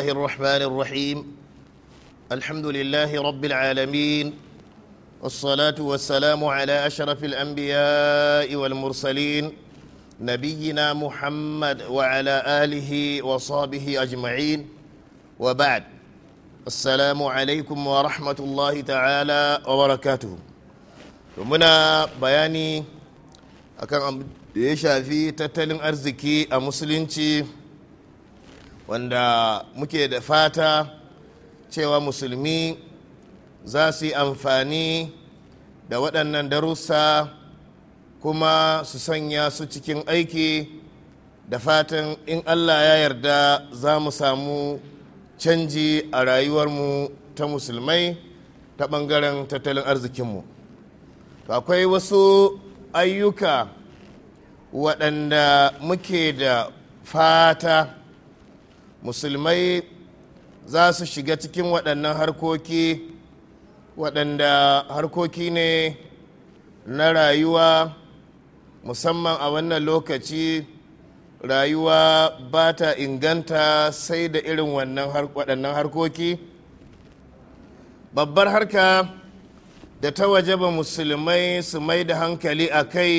الله الرحمن الرحيم الحمد لله رب العالمين والصلاة والسلام على أشرف الأنبياء والمرسلين نبينا محمد وعلى آله وصحبه أجمعين وبعد السلام عليكم ورحمة الله تعالى وبركاته ومنا بياني أكان da ya shafi tattalin arziki a musulunci wanda muke da fata cewa musulmi za su yi amfani da waɗannan darussa kuma su sanya su cikin aiki da fatan in allah ya yarda za mu samu canji a rayuwarmu ta musulmai ta ɓangaren tattalin arzikinmu akwai wasu ayyuka waɗanda muke da fata musulmai za su shiga cikin waɗannan harkoki waɗanda harkoki ne na rayuwa musamman a wannan lokaci rayuwa ba ta inganta sai da irin waɗannan harkoki babbar harka da ta waje ba musulmai su mai da hankali a kai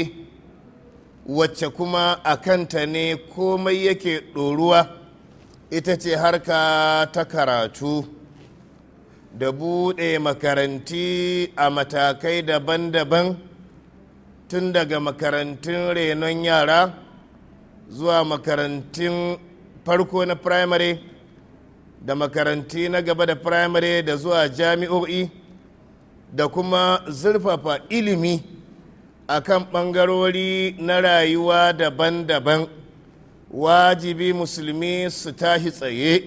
wacce kuma a kanta ne komai yake ɗoruwa ita ce harka ta karatu da buɗe makaranti a matakai daban-daban tun daga makarantun renon yara zuwa makarantun farko na firamare da makaranti na gaba da firamare da zuwa jami'o'i da kuma zurfafa ilimi a kan ɓangarori na rayuwa daban-daban wajibi musulmi su tashi tsaye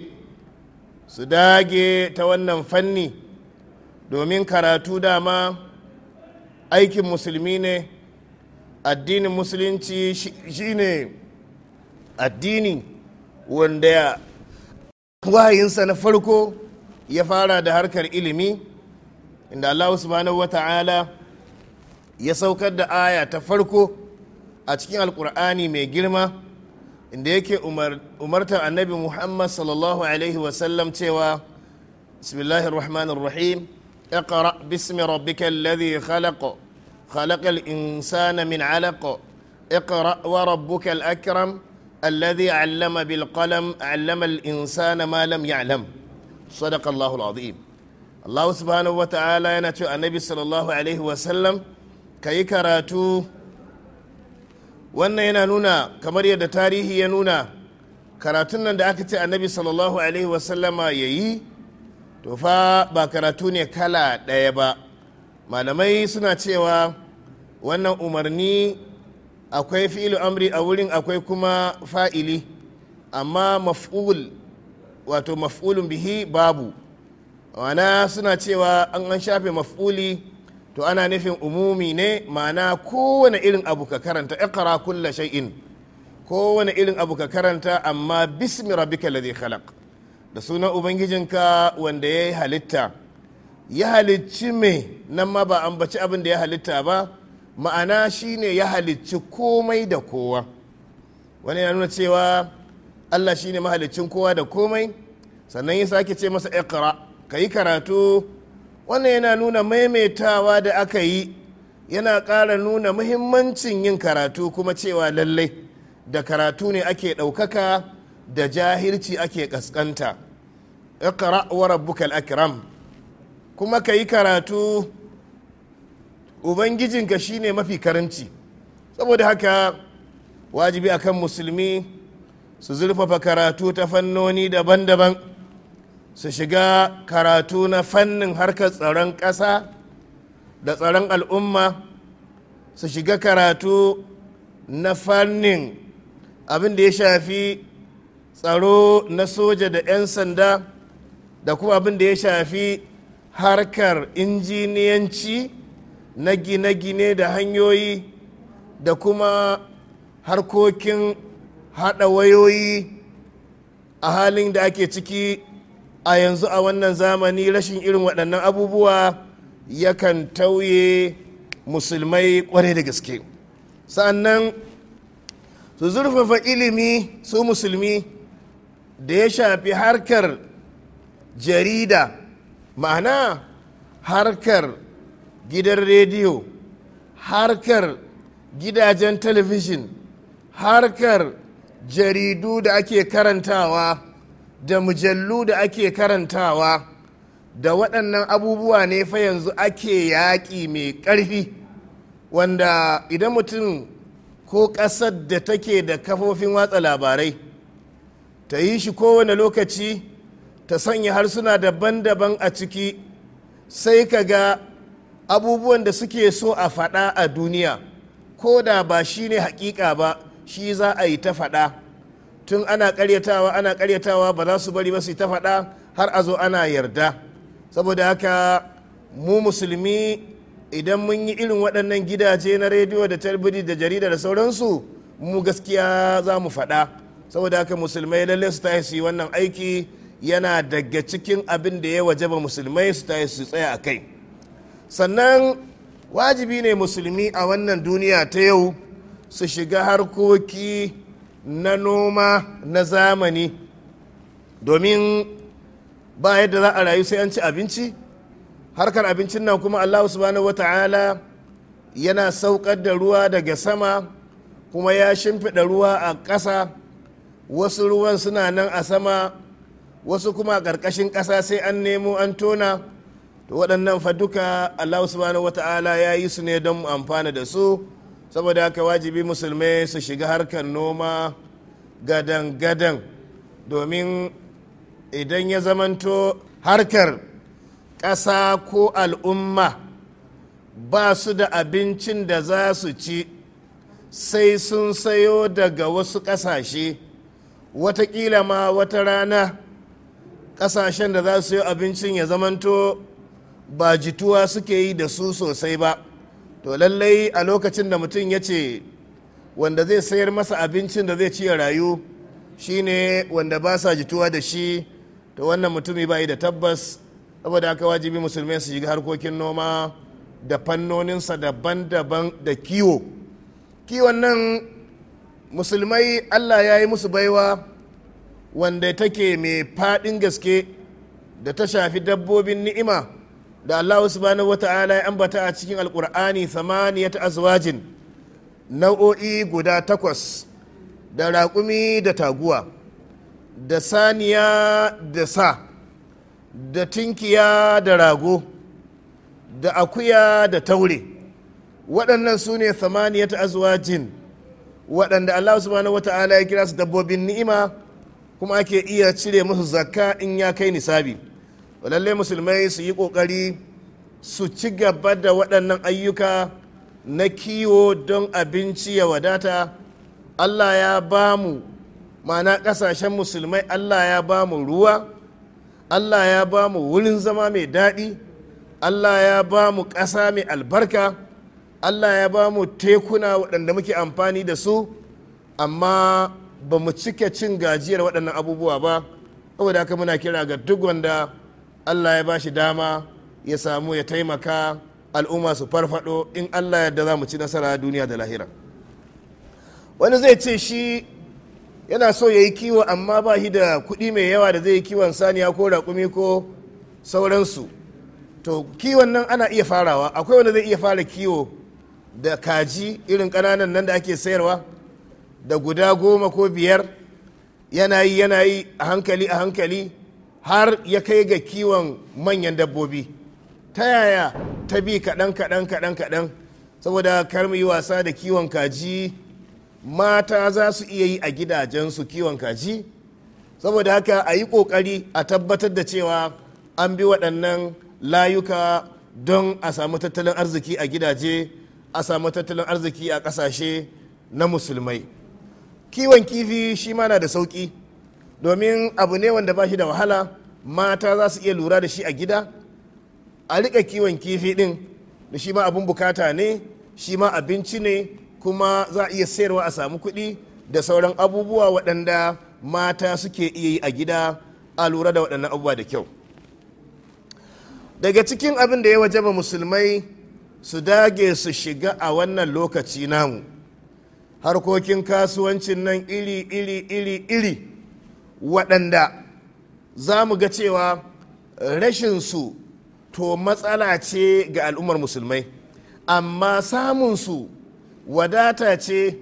su dage ta wannan fanni domin karatu dama aikin musulmi ne addinin musulunci shi ne addini wanda wayinsa na farko ya fara da harkar ilimi inda Allah subhanahu wa ta'ala ya saukar da aya ta farko a cikin alkur'ani mai girma inda yake umartar annabi muhammad sallallahu alaihi wasallam cewa bismillahir rahmanir rahim اقرأ باسم ربك الذي خلق خلق الإنسان من علق اقرأ وربك الأكرم الذي علم بالقلم علم الإنسان ما لم يعلم صدق الله العظيم الله سبحانه وتعالى ينتهي النبي صلى الله عليه وسلم كي كراتو wannan yana nuna kamar yadda tarihi ya nuna karatun nan da aka ce annabi sallallahu alaihi wasallama ya yi to fa ba karatu ne kala ɗaya ba malamai suna cewa wannan umarni akwai fi'ilu amri a wurin akwai kuma fa'ili amma maf'ul wato maf'ulun bihi babu wana suna cewa an an shafe maf'uli to ana nufin umumi ne ma'ana kowane irin abu ka karanta iqra kulla shay'in kowane irin abu ka karanta amma bismi rabbika alladhi khalaq da sunan ubangijinka wanda ya halitta ya halicci me nan ma ba ambaci abin da ya halitta ba ma'ana shine ya halicci komai da kowa wani ya nuna cewa Allah shine mahaliccin kowa da komai sannan ya sake ce masa ka kayi karatu wannan yana nuna maimaitawa da aka yi yana ƙara nuna muhimmancin yin karatu kuma cewa lallai da karatu ne ake ɗaukaka da jahilci ake ƙasƙanta iqra wa rabbukal akram kuma ka yi karatu ubangijinka shine mafi karanci saboda haka wajibi akan musulmi su zurfafa karatu ta fannoni daban-daban su shiga karatu na fannin harkar tsaron ƙasa da tsaron al'umma su shiga karatu na fannin abin da ya shafi tsaro na soja da 'yan sanda da kuma abin da ya shafi harkar injiniyanci na gine-gine da hanyoyi da kuma harkokin haɗa wayoyi a halin da ake ciki a yanzu a wannan zamani rashin irin waɗannan abubuwa yakan tauye musulmai kwarai da gaske sa'annan su zurfafa ilimi su musulmi da ya shafi harkar jarida ma'ana harkar gidan rediyo harkar gidajen talabijin harkar jaridu da ake karantawa da mujallu da ake karantawa da waɗannan abubuwa ne fa yanzu ake yaƙi mai ƙarfi wanda idan mutum ko ƙasar da take da kafofin watsa labarai ta yi shi kowane lokaci ta sanya harsuna daban-daban a ciki sai ka ga abubuwan da suke so a faɗa a duniya ko da ba shi ne haƙiƙa ba shi za a yi ta faɗa tun ana karyatawa ana karyatawa ba za su bari ba su ta faɗa har a zo ana yarda saboda haka mu musulmi idan mun yi irin waɗannan gidaje na rediyo da talbidi da jarida da sauransu mu gaskiya za mu faɗa saboda haka musulmai lallai su tashi su yi wannan aiki yana daga cikin abin da ya ba musulmai su tashi su tsaya a kai sannan wajibi ne musulmi a wannan duniya ta yau su shiga harkoki na noma na zamani domin ba yadda za a rayu sai an ci abinci harkar abincin nan kuma allahu subhanahu wata'ala yana saukar da ruwa daga sama kuma ya shimfiɗa ruwa a ƙasa wasu ruwan suna nan a sama wasu kuma a ƙarƙashin ƙasa sai an nemo an tona to waɗannan fa duka allahu subhanahu wata'ala ya yi su ne don mu amfana da su saboda haka wajibi musulmai su shiga harkar noma gadan-gadan domin idan ya zamanto harkar ƙasa ko al'umma ba su da abincin da za su ci sai sun sayo daga wasu ƙasashe watakila ma wata rana ƙasashen da za su yi abincin ya zamanto ba jituwa suke yi da su sosai ba to lallai a lokacin da mutum ya ce wanda zai sayar masa abincin da zai ci ya rayu shine wanda ba sa jituwa da shi to wannan mutumi ba da tabbas saboda aka wajibi musulmai su shiga harkokin noma da fannoninsa daban-daban da kiwo kiwon nan musulmai allah ya yi musu baiwa wanda take mai faɗin gaske da ta shafi dabbobin ni'ima da allahu subhanahu ta'ala ya ambata a cikin alkur'ani samaniyat azwajin nau'o'i guda takwas da raƙumi da taguwa da saniya da sa da tinkiya da rago da akuya da taure waɗannan su ne samaniyat azwajin waɗanda allah subhanahu ta'ala ya kira su dabbobin ni'ima kuma ake iya cire musu zakka in ya kai nisabi lalle musulmai su yi ƙoƙari su ci gaba da waɗannan ayyuka na kiwo don abinci ya wadata allah ya ba mu mana ƙasashen musulmai allah ya ba mu ruwa allah ya ba mu wurin zama mai daɗi allah ya ba mu ƙasa mai albarka allah ya ba mu tekuna waɗanda muke amfani da su amma ba mu cike cin gajiyar waɗannan abubuwa ba saboda haka muna kira ga duk wanda allah ya ba shi dama ya samu ya taimaka al'umma su farfado in allah yadda za mu ci nasara duniya da lahira wani zai ce shi yana so ya yi kiwo amma ba shi da kuɗi mai yawa da zai yi kiwon saniya ko raƙumi ko sauransu to kiwon nan ana iya farawa akwai wanda zai iya fara kiwo da kaji irin ƙananan nan da ake sayarwa da guda goma ko biyar yana yi yana yi a hankali a hankali har ya kai ga kiwon manyan dabbobi ta yaya ta bi kaɗan kaɗan kaɗan kaɗan saboda kar wasa da kiwon kaji mata za su iya yi a gidajensu kiwon kaji saboda haka a yi ƙoƙari a tabbatar da cewa an bi waɗannan layuka don a samu tattalin arziki a gidaje a samu tattalin arziki a ƙasashe na musulmai kiwon kifi shi ma na da sauƙi domin abu ne wanda ba shi da wahala mata za su iya lura da shi a gida a riƙa kiwon kifi ɗin da shi ma abin bukata ne shi ma abinci ne kuma za a iya sayarwa a samu kuɗi da sauran abubuwa waɗanda mata suke iya yi a gida a lura da waɗannan abubuwa da kyau daga cikin abin da ya waje ba musulmai su dage su shiga a wannan lokaci namu harkokin kasuwancin nan iri iri iri iri waɗanda za mu ga cewa rashinsu to matsala ce ga al'ummar musulmai amma samunsu wadata ce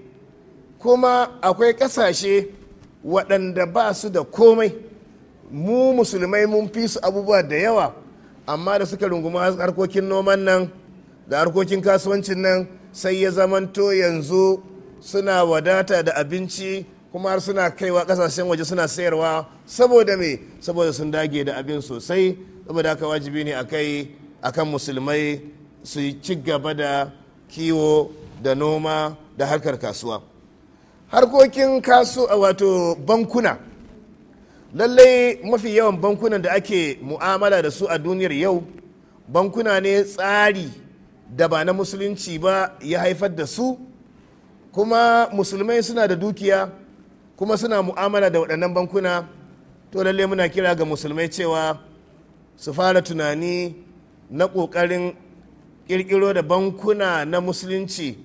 kuma akwai ƙasashe waɗanda ba su da komai mu musulmai mun fi su abubuwa da yawa amma da suka runguma harkokin noman nan da harkokin kasuwancin nan sai ya zamanto yanzu suna wadata da abinci kuma har suna kaiwa kasashen waje suna sayarwa saboda me saboda sun dage da abin sosai saboda haka wajibi ne a kai akan musulmai su ci gaba da kiwo da noma da harkar kasuwa harkokin kasu a wato bankuna lallai mafi yawan bankunan da ake mu'amala da su a duniyar yau bankuna ne tsari da ba na musulunci ba ya haifar da su kuma musulmai suna da dukiya kuma suna mu'amala da waɗannan bankuna to lalle muna kira ga musulmai cewa su fara tunani na ƙoƙarin ƙirƙiro da bankuna na musulunci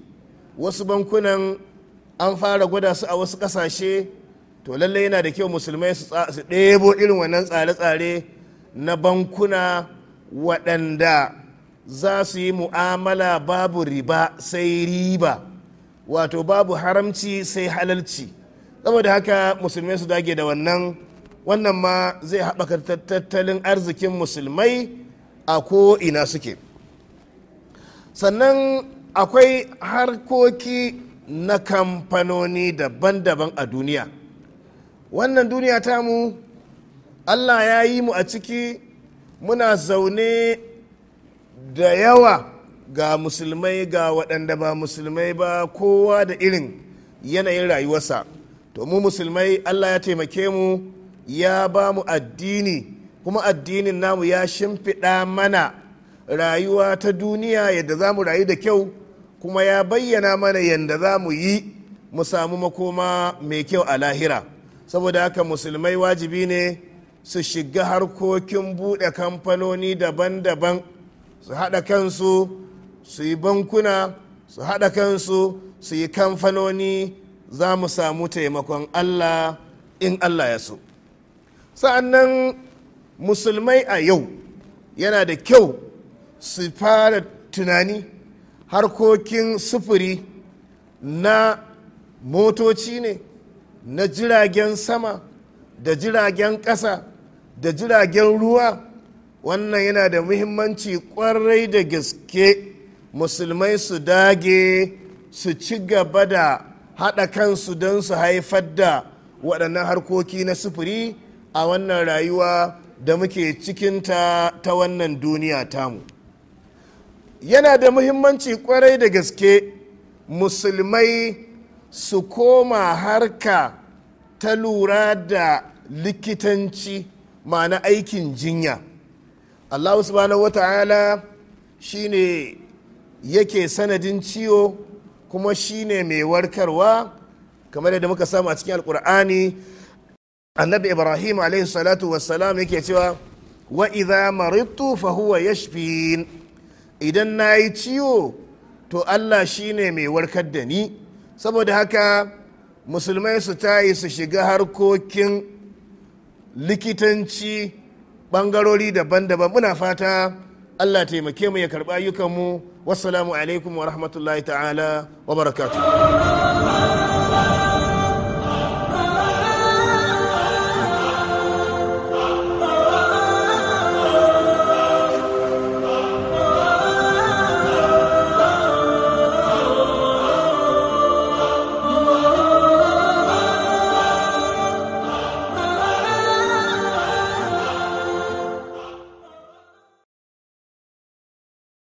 wasu bankunan an fara gwada su a wasu ƙasashe to lalle yana da kyau musulmai su ɗebo irin wannan tsare-tsare na bankuna waɗanda za su yi mu'amala babu riba sai riba wato babu haramci sai halalci saboda haka musulmai su dage da wannan wannan ma zai haɓaka tattalin arzikin musulmai a ko ko'ina suke sannan akwai harkoki na kamfanoni daban-daban a duniya wannan duniya mu allah ya yi mu a ciki muna zaune da yawa ga musulmai ga waɗanda ba musulmai ba kowa da irin yanayin rayuwarsa to mu musulmai allah ya taimake mu ya ba mu addini kuma addinin namu ya shimfiɗa mana rayuwa ta duniya yadda za mu rayu da kyau kuma ya bayyana mana yadda za mu yi mu samu makoma mai kyau a lahira saboda haka musulmai wajibi ne su shiga harkokin buɗe kamfanoni daban-daban su haɗa kansu su yi bankuna su haɗa kansu su yi kamfanoni za mu samu taimakon allah in allah ya so sa'annan musulmai a yau yana da kyau su fara tunani harkokin sufuri na motoci ne na jiragen sama da jiragen ƙasa da jiragen ruwa wannan yana da muhimmanci kwarai da gaske musulmai su dage su ci gaba da haɗa kansu don su haifar da waɗannan harkoki na sufuri a wannan rayuwa da muke cikinta ta wannan duniya tamu yana da muhimmanci kwarai da gaske musulmai su koma harka ta lura da likitanci ma'ana aikin jinya allahu subhanahu wa ta'ala shine yake sanadin ciwo kuma shine mai warkarwa kamar yadda muka samu a cikin alkur'ani annabi ibrahim alaihi salatu wassalam yake cewa wa idza maridtu fa huwa yashfin idan nayi ciwo to Allah shine mai warkar da ni saboda haka musulmai su tayi su shiga harkokin likitanci bangarori daban-daban muna fata Allah taimake mu ya karɓi ayyukanmu والسلام عليكم ورحمة الله تعالى وبركاته